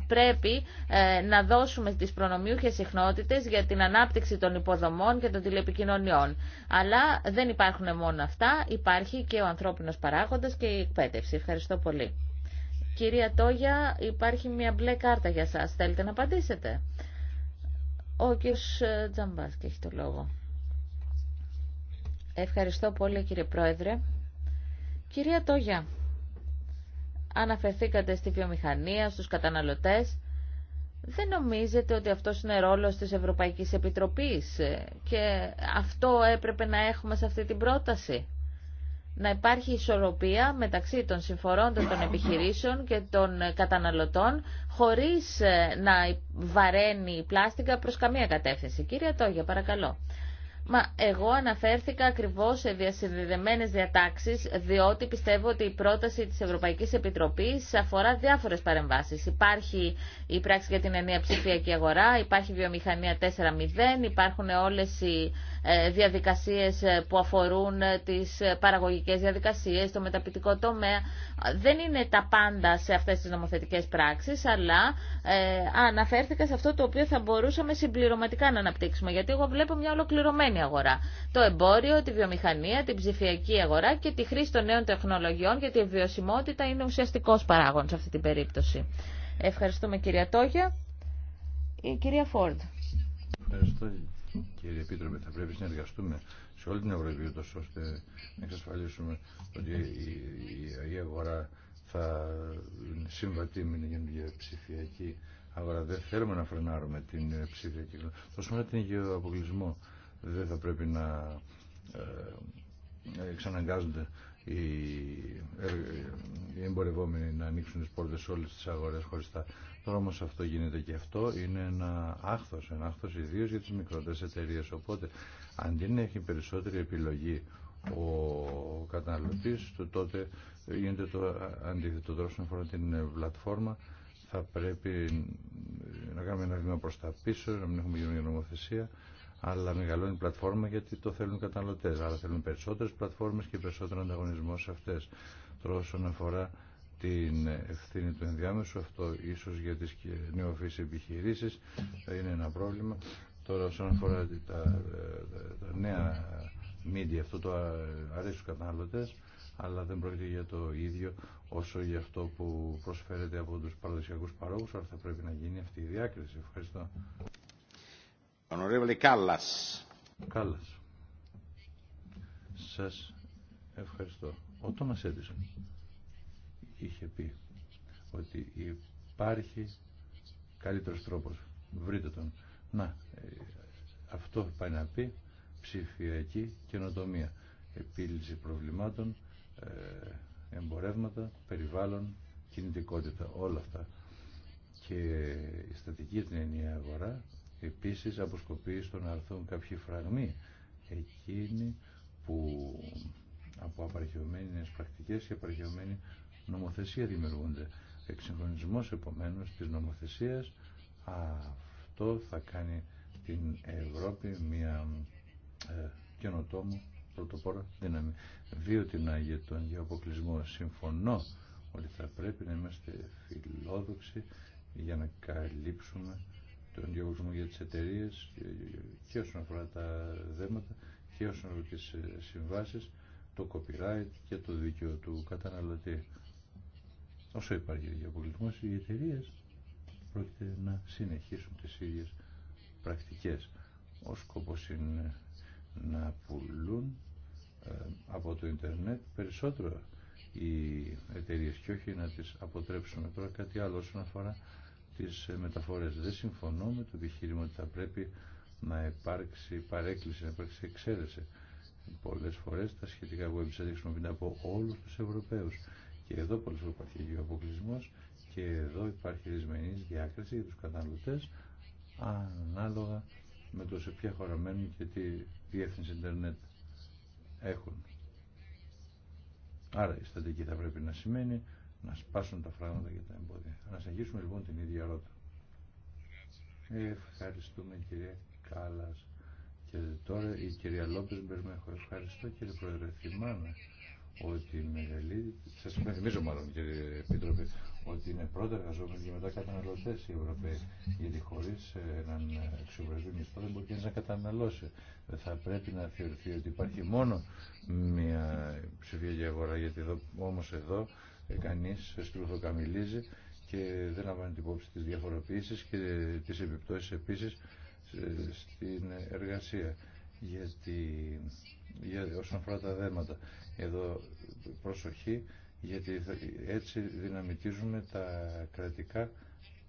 πρέπει ε, να να δώσουμε στις προνομιούχες συχνότητες για την ανάπτυξη των υποδομών και των τηλεπικοινωνιών. Αλλά δεν υπάρχουν μόνο αυτά, υπάρχει και ο ανθρώπινος παράγοντας και η εκπαίδευση. Ευχαριστώ πολύ. Κυρία Τόγια, υπάρχει μια μπλε κάρτα για σας. Θέλετε να απαντήσετε. Ο Τζαμπάς και έχει το λόγο. Ευχαριστώ πολύ κύριε Πρόεδρε. Κυρία Τόγια, αναφερθήκατε στη βιομηχανία, στους καταναλωτές. Δεν νομίζετε ότι αυτό είναι ρόλος της Ευρωπαϊκής Επιτροπής ε, και αυτό έπρεπε να έχουμε σε αυτή την πρόταση. Να υπάρχει ισορροπία μεταξύ των συμφορώντων των επιχειρήσεων και των καταναλωτών χωρίς ε, να βαραίνει η πλάστικα προς καμία κατεύθυνση. Κύριε Τόγια, παρακαλώ. Μα εγώ αναφέρθηκα ακριβώς σε διασυνδεδεμένε διατάξεις, διότι πιστεύω ότι η πρόταση της Ευρωπαϊκής Επιτροπής αφορά διάφορες παρεμβάσεις. Υπάρχει η πράξη για την ενία ψηφιακή αγορά, υπάρχει βιομηχανία 4.0, υπάρχουν όλες οι ε, διαδικασίες ε, που αφορούν ε, τις παραγωγικές διαδικασίες, το μεταπητικό τομέα. Δεν είναι τα πάντα σε αυτές τις νομοθετικές πράξεις, αλλά αναφέρθηκα σε αυτό το οποίο θα μπορούσαμε συμπληρωματικά να αναπτύξουμε, γιατί εγώ βλέπω μια ολοκληρωμένη αγορά. Το εμπόριο, τη βιομηχανία, την ψηφιακή αγορά και τη χρήση των νέων τεχνολογιών, γιατί η βιωσιμότητα είναι ουσιαστικός παράγον σε αυτή την περίπτωση. Ευχαριστούμε κυρία Τόγια. Η κυρία Φόρντ. Ευχαριστώ Κύριε Επίτροπε, θα πρέπει να συνεργαστούμε σε όλη την Ευρώπη, ώστε να εξασφαλίσουμε ότι η αγορά θα συμβατεί με την ψηφιακή αγορά. Δεν θέλουμε να φρενάρουμε την ψηφιακή αγορά. Τόσο με την αποκλεισμό δεν θα πρέπει να ε, εξαναγκάζονται οι εμπορευόμενοι να ανοίξουν τις πόρτες σε όλες τις αγορές χωριστά όμω αυτό γίνεται και αυτό είναι ένα άχθος, ένα άχθος ιδίω για τις μικρότερες εταιρείε. οπότε αντί να έχει περισσότερη επιλογή ο καταναλωτής τότε γίνεται το αντίθετο τώρα να αφορά την πλατφόρμα θα πρέπει να κάνουμε ένα βήμα προς τα πίσω, να μην έχουμε γίνει νομοθεσία, αλλά μεγαλώνει η πλατφόρμα γιατί το θέλουν οι καταναλωτές. Άρα θέλουν περισσότερες πλατφόρμες και περισσότερο ανταγωνισμό σε αυτές. Τώρα όσον αφορά την ευθύνη του ενδιάμεσου. Αυτό ίσως για τις νεοφύς επιχειρήσεις είναι ένα πρόβλημα. Τώρα όσον αφορά τα, νέα μίντια, αυτό το αρέσει στους αλλά δεν πρόκειται για το ίδιο όσο για αυτό που προσφέρεται από τους παραδοσιακούς παρόγους, αλλά θα πρέπει να γίνει αυτή η διάκριση. Ευχαριστώ. Ονορεύλε Κάλλας. Κάλλας. Σας ευχαριστώ. Ο Τόμας Έντισον είχε πει ότι υπάρχει καλύτερος τρόπος. Βρείτε τον. Να, ε, αυτό πάει να πει ψηφιακή καινοτομία. Επίλυση προβλημάτων, ε, εμπορεύματα, περιβάλλον, κινητικότητα, όλα αυτά. Και η στατική την ενιαία αγορά επίσης αποσκοπεί στο να έρθουν κάποιοι φραγμοί εκείνοι που από απαρχαιωμένες πρακτικές και απαρχαιωμένη νομοθεσία δημιουργούνται. Εξυγχρονισμός επομένως της νομοθεσίας αυτό θα κάνει την Ευρώπη μια ε, καινοτόμο πρωτοπόρα δύναμη. Δύο την για τον γεωποκλεισμό. Συμφωνώ ότι θα πρέπει να είμαστε φιλόδοξοι για να καλύψουμε τον διαγωνισμό για τις εταιρείε και όσον αφορά τα δέματα και όσον αφορά τις ε, συμβάσεις, το copyright και το δίκαιο του καταναλωτή. Όσο υπάρχει για οι εταιρείε πρόκειται να συνεχίσουν τις ίδιες πρακτικές. Ο σκοπός είναι να πουλούν ε, από το ίντερνετ περισσότερο οι εταιρείε και όχι να τις αποτρέψουμε. Τώρα κάτι άλλο όσον αφορά τις ε, μεταφορές. Δεν συμφωνώ με το επιχείρημα ότι θα πρέπει να υπάρξει παρέκκληση, να υπάρξει εξαίρεση. Πολλές φορές τα σχετικά website χρησιμοποιούνται από όλους τους Ευρωπαίους και εδώ πολλέ φορέ υπάρχει ο αποκλεισμό και εδώ υπάρχει δυσμενή διάκριση για του καταναλωτέ ανάλογα με το σε ποια χώρα μένουν και τι διεύθυνση Ιντερνετ έχουν. Άρα η στατική θα πρέπει να σημαίνει να σπάσουν τα φράγματα και τα εμπόδια. Να συνεχίσουμε λοιπόν την ίδια ρότα. Ευχαριστούμε κυρία Κάλλας. Και τώρα η κυρία Λόπες Μπερμέχο. Ευχαριστώ κύριε Πρόεδρε. Θυμάμαι ότι μεγαλύτερη, σας υπενθυμίζω μάλλον κύριε Επίτροπε, ότι είναι πρώτα εργαζόμενοι και μετά καταναλωτέ οι Ευρωπαίοι. Γιατί χωρί ε, έναν αξιοπρεπή μισθό δεν μπορεί να καταναλώσει. Θα πρέπει να θεωρηθεί ότι υπάρχει μόνο μια ψηφιακή αγορά. Γιατί εδώ, όμω εδώ ε, κανεί ε, στρουθοκαμιλίζει και δεν λαμβάνει την υπόψη τι διαφοροποιήσει και τι επιπτώσει επίση στην εργασία. Γιατί για, όσον αφορά τα δέματα, εδώ προσοχή γιατί έτσι δυναμητίζουμε τα κρατικά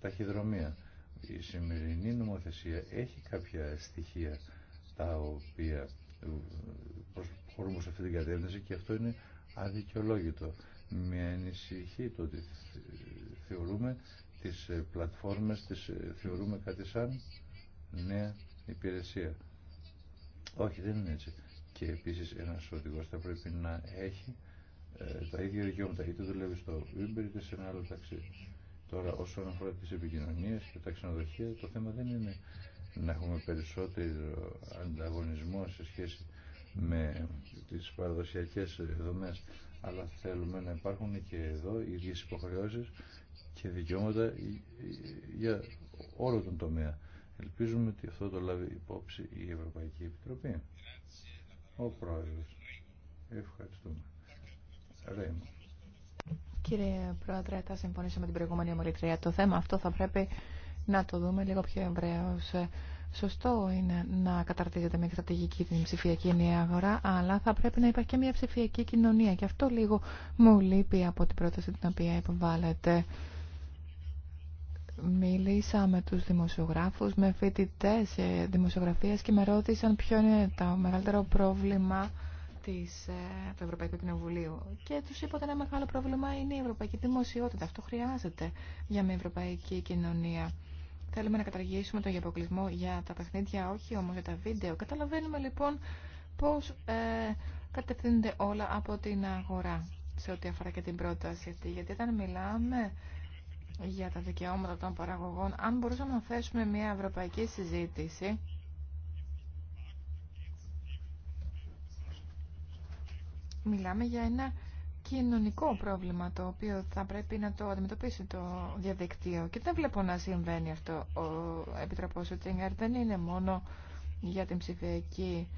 ταχυδρομεία. Η σημερινή νομοθεσία έχει κάποια στοιχεία τα οποία προχωρούμε σε αυτή την κατεύθυνση και αυτό είναι αδικαιολόγητο. Μια ανησυχεί το ότι θεωρούμε τις ε, πλατφόρμες, τις ε, θεωρούμε κάτι σαν νέα υπηρεσία. Όχι, δεν είναι έτσι και επίσης ένα οδηγός θα πρέπει να έχει ε, τα ίδια δικαιώματα είτε δουλεύει στο Uber είτε σε ένα άλλο ταξί. Τώρα όσον αφορά τις επικοινωνίες και τα ξενοδοχεία το θέμα δεν είναι να έχουμε περισσότερο ανταγωνισμό σε σχέση με τις παραδοσιακές δομές αλλά θέλουμε να υπάρχουν και εδώ οι ίδιε υποχρεώσεις και δικαιώματα ε, για όλο τον τομέα. Ελπίζουμε ότι αυτό το λάβει υπόψη η Ευρωπαϊκή Επιτροπή. Ο Πρόεδρος. Ευχαριστούμε. Κύριε Πρόεδρε, θα συμφωνήσω με την προηγούμενη ομιλητρία. Το θέμα αυτό θα πρέπει να το δούμε λίγο πιο εμπρέως. Σωστό είναι να καταρτίζεται μια στρατηγική την ψηφιακή νέα αγορά, αλλά θα πρέπει να υπάρχει και μια ψηφιακή κοινωνία. Και αυτό λίγο μου λείπει από την πρόταση την οποία υποβάλλεται. Μιλήσαμε με τους δημοσιογράφους, με φοιτητέ ε, δημοσιογραφίας και με ρώτησαν ποιο είναι το μεγαλύτερο πρόβλημα της, ε, του Ευρωπαϊκού Κοινοβουλίου. Και τους είπα ότι ένα μεγάλο πρόβλημα είναι η ευρωπαϊκή δημοσιότητα. Αυτό χρειάζεται για μια ευρωπαϊκή κοινωνία. Θέλουμε να καταργήσουμε τον αποκλεισμό για τα παιχνίδια, όχι όμως για τα βίντεο. Καταλαβαίνουμε λοιπόν πώς ε, κατευθύνονται όλα από την αγορά σε ό,τι αφορά και την πρόταση αυτή. Γιατί όταν μιλάμε για τα δικαιώματα των παραγωγών, αν μπορούσαμε να θέσουμε μια ευρωπαϊκή συζήτηση Μιλάμε για ένα κοινωνικό πρόβλημα το οποίο θα πρέπει να το αντιμετωπίσει το διαδικτύο και δεν βλέπω να συμβαίνει αυτό. Ο Επιτροπός Ούτσιγκερ δεν είναι μόνο για την ψηφιακή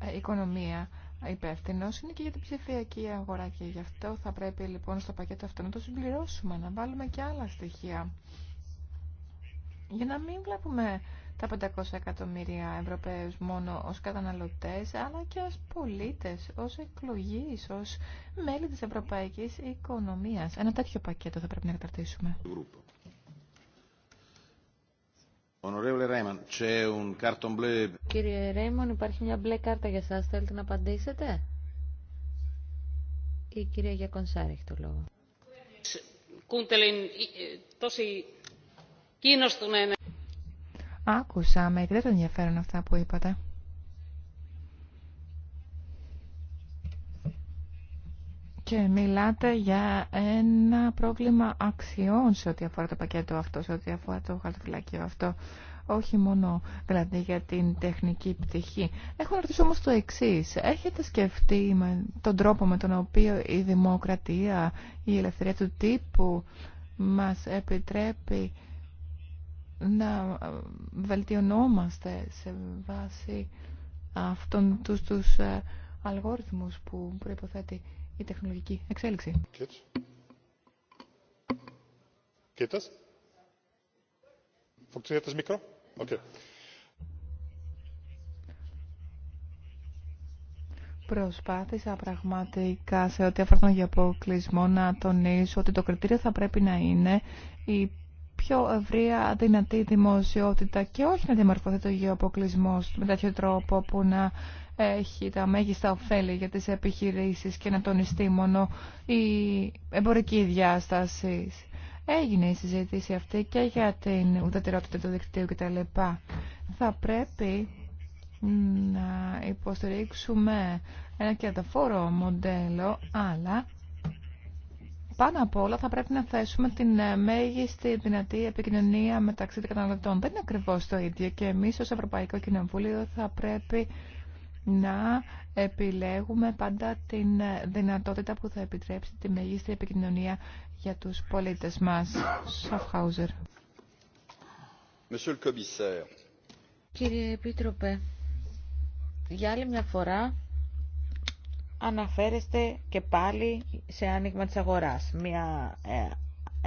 ε, οικονομία υπεύθυνο είναι και για την ψηφιακή αγορά και γι' αυτό θα πρέπει λοιπόν στο πακέτο αυτό να το συμπληρώσουμε, να βάλουμε και άλλα στοιχεία. Για να μην βλέπουμε τα 500 εκατομμύρια Ευρωπαίους μόνο ως καταναλωτές, αλλά και ως πολίτες, ως εκλογείς, ως μέλη της ευρωπαϊκής οικονομίας. Ένα τέτοιο πακέτο θα πρέπει να καταρτήσουμε. Κύριε Ρέιμον, υπάρχει μια μπλε κάρτα για σας. Θέλετε να απαντήσετε. Η κυρία Γιακονσάρη έχει το λόγο. Άκουσα με ιδιαίτερο ενδιαφέρον αυτά που είπατε. Και μιλάτε για ένα πρόβλημα αξιών σε ό,τι αφορά το πακέτο αυτό, σε ό,τι αφορά το χαρτοφυλάκιο αυτό. Όχι μόνο δηλαδή για την τεχνική πτυχή. Έχω να ρωτήσω όμως το εξή. Έχετε σκεφτεί με τον τρόπο με τον οποίο η δημοκρατία, η ελευθερία του τύπου μας επιτρέπει να βελτιωνόμαστε σε βάση αυτών τους, τους ε, αλγόριθμους που προϋποθέτει η τεχνολογική εξέλιξη. Προσπάθησα πραγματικά σε ό,τι αφορά τον αποκλεισμό να τονίσω ότι το κριτήριο θα πρέπει να είναι η πιο ευρεία δυνατή δημοσιότητα και όχι να διαμορφωθεί το γεωποκλεισμό με τέτοιο τρόπο που να έχει τα μέγιστα ωφέλη για τις επιχειρήσεις και να τονιστεί μόνο η εμπορική διάσταση. Έγινε η συζήτηση αυτή και για την ουδετερότητα του δικτύου κτλ. Θα πρέπει να υποστηρίξουμε ένα κερδοφόρο μοντέλο, αλλά πάνω απ' όλα θα πρέπει να θέσουμε την ε, μέγιστη δυνατή επικοινωνία μεταξύ των καταναλωτών. Δεν είναι ακριβώ το ίδιο και εμεί ω Ευρωπαϊκό Κοινοβούλιο θα πρέπει να επιλέγουμε πάντα την ε, δυνατότητα που θα επιτρέψει τη μεγίστη επικοινωνία για τους πολίτες μας. Σαφχάουζερ. Κύριε Επίτροπε, για άλλη μια φορά αναφέρεστε και πάλι σε άνοιγμα της αγοράς. Μια, ε,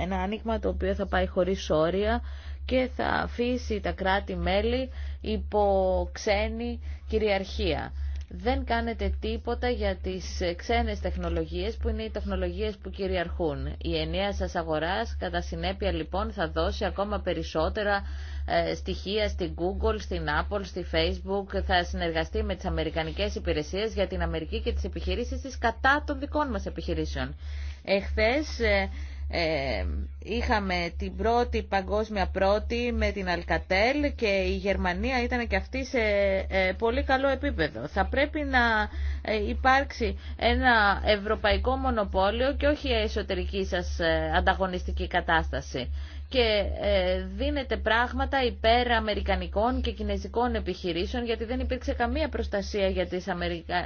ένα άνοιγμα το οποίο θα πάει χωρίς όρια και θα αφήσει τα κράτη-μέλη υπό ξένη κυριαρχία δεν κάνετε τίποτα για τις ξένες τεχνολογίες που είναι οι τεχνολογίες που κυριαρχούν. Η ενιαία σας αγοράς κατά συνέπεια λοιπόν θα δώσει ακόμα περισσότερα ε, στοιχεία στην Google, στην Apple, στη Facebook. Θα συνεργαστεί με τις αμερικανικές υπηρεσίες για την Αμερική και τις επιχειρήσεις της κατά των δικών μας επιχειρήσεων. Εχθές ε, ε, είχαμε την πρώτη παγκόσμια πρώτη με την Αλκατέλ και η Γερμανία ήταν και αυτή σε ε, πολύ καλό επίπεδο. Θα πρέπει να ε, υπάρξει ένα ευρωπαϊκό μονοπόλιο και όχι η εσωτερική σας ανταγωνιστική κατάσταση και ε, δίνεται πράγματα υπέρ αμερικανικών και κινέζικων επιχειρήσεων γιατί δεν υπήρξε καμία προστασία για τις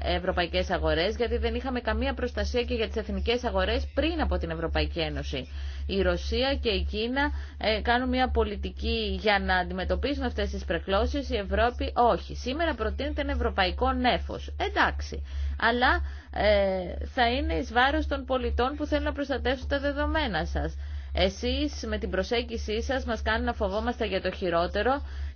ευρωπαϊκές αγορές γιατί δεν είχαμε καμία προστασία και για τις εθνικές αγορές πριν από την Ευρωπαϊκή Ένωση. Η Ρωσία και η Κίνα ε, κάνουν μια πολιτική για να αντιμετωπίσουν αυτές τις πρεκλώσεις, η Ευρώπη όχι. Σήμερα προτείνεται ένα ευρωπαϊκό νέφος. Εντάξει, αλλά ε, θα είναι εις βάρος των πολιτών που θέλουν να προστατεύσουν τα δεδομένα σας. Εσείς με την προσέγγιση σας μας κάνει να φοβόμαστε για το χειρότερο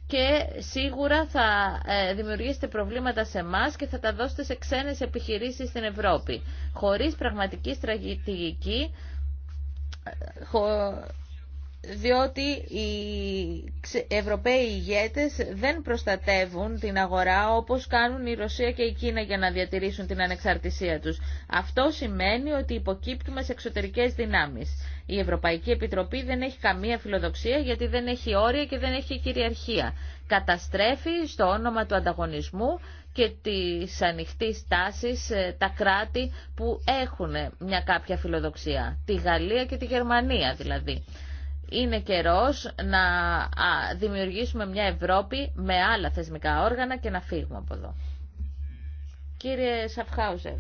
και σίγουρα θα ε, δημιουργήσετε προβλήματα σε εμά και θα τα δώσετε σε ξένες επιχειρήσεις στην Ευρώπη. Χωρίς πραγματική στρατηγική, ε, διότι οι Ευρωπαίοι ηγέτες δεν προστατεύουν την αγορά όπως κάνουν η Ρωσία και η Κίνα για να διατηρήσουν την ανεξαρτησία τους. Αυτό σημαίνει ότι υποκύπτουμε σε εξωτερικές δυνάμεις. Η Ευρωπαϊκή Επιτροπή δεν έχει καμία φιλοδοξία γιατί δεν έχει όρια και δεν έχει κυριαρχία. Καταστρέφει στο όνομα του ανταγωνισμού και της ανοιχτή τάσης ε, τα κράτη που έχουν μια κάποια φιλοδοξία. Τη Γαλλία και τη Γερμανία δηλαδή. Είναι καιρός να δημιουργήσουμε μια Ευρώπη με άλλα θεσμικά όργανα και να φύγουμε από εδώ. Κύριε Σαφχάουζερ, ε,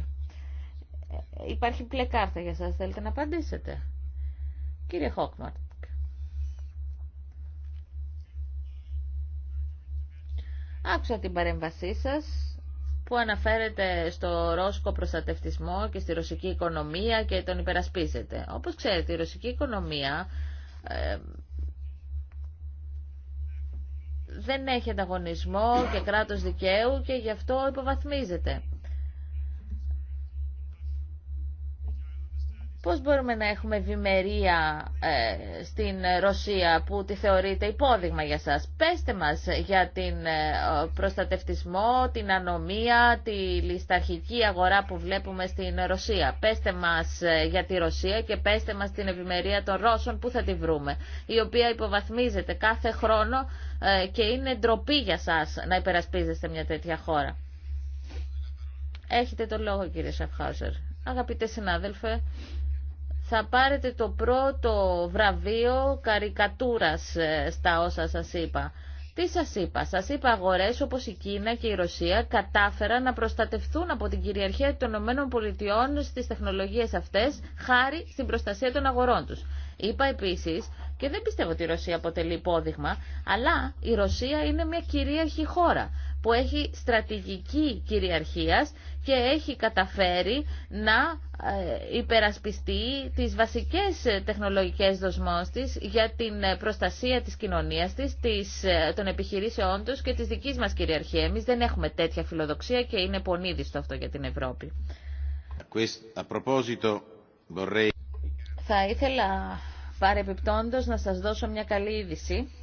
υπάρχει πλεκάρτα για σας. Θέλετε να απαντήσετε. Κύριε Χόκμαρτ. Άκουσα την παρέμβασή σας που αναφέρεται στο ρώσικο προστατευτισμό και στη ρωσική οικονομία και τον υπερασπίζεται. Όπως ξέρετε, η ρωσική οικονομία ε, δεν έχει ανταγωνισμό και κράτος δικαίου και γι' αυτό υποβαθμίζεται. Πώς μπορούμε να έχουμε ευημερία ε, στην Ρωσία που τη θεωρείται υπόδειγμα για σας. Πέστε μας για την ε, προστατευτισμό, την ανομία, τη λισταρχική αγορά που βλέπουμε στην Ρωσία. Πέστε μας ε, για τη Ρωσία και πέστε μας την ευημερία των Ρώσων που θα τη βρούμε. Η οποία υποβαθμίζεται κάθε χρόνο ε, και είναι ντροπή για σας να υπερασπίζεστε μια τέτοια χώρα. Έχετε το λόγο κύριε Σαφχάουσερ. Αγαπητέ συνάδελφε, θα πάρετε το πρώτο βραβείο καρικατούρας ε, στα όσα σας είπα. Τι σας είπα, σας είπα αγορές όπως η Κίνα και η Ρωσία κατάφεραν να προστατευτούν από την κυριαρχία των ΗΠΑ στις τεχνολογίες αυτές χάρη στην προστασία των αγορών τους. Είπα επίσης, και δεν πιστεύω ότι η Ρωσία αποτελεί υπόδειγμα, αλλά η Ρωσία είναι μια κυρίαρχη χώρα που έχει στρατηγική κυριαρχίας και έχει καταφέρει να ε, υπερασπιστεί τις βασικές ε, τεχνολογικές δοσμός της για την ε, προστασία της κοινωνίας της, των επιχειρήσεών τους και της δικής μας κυριαρχία. Εμείς δεν έχουμε τέτοια φιλοδοξία και είναι πονίδιστο αυτό για την Ευρώπη. Θα ήθελα παρεπιπτόντως να σας δώσω μια καλή είδηση.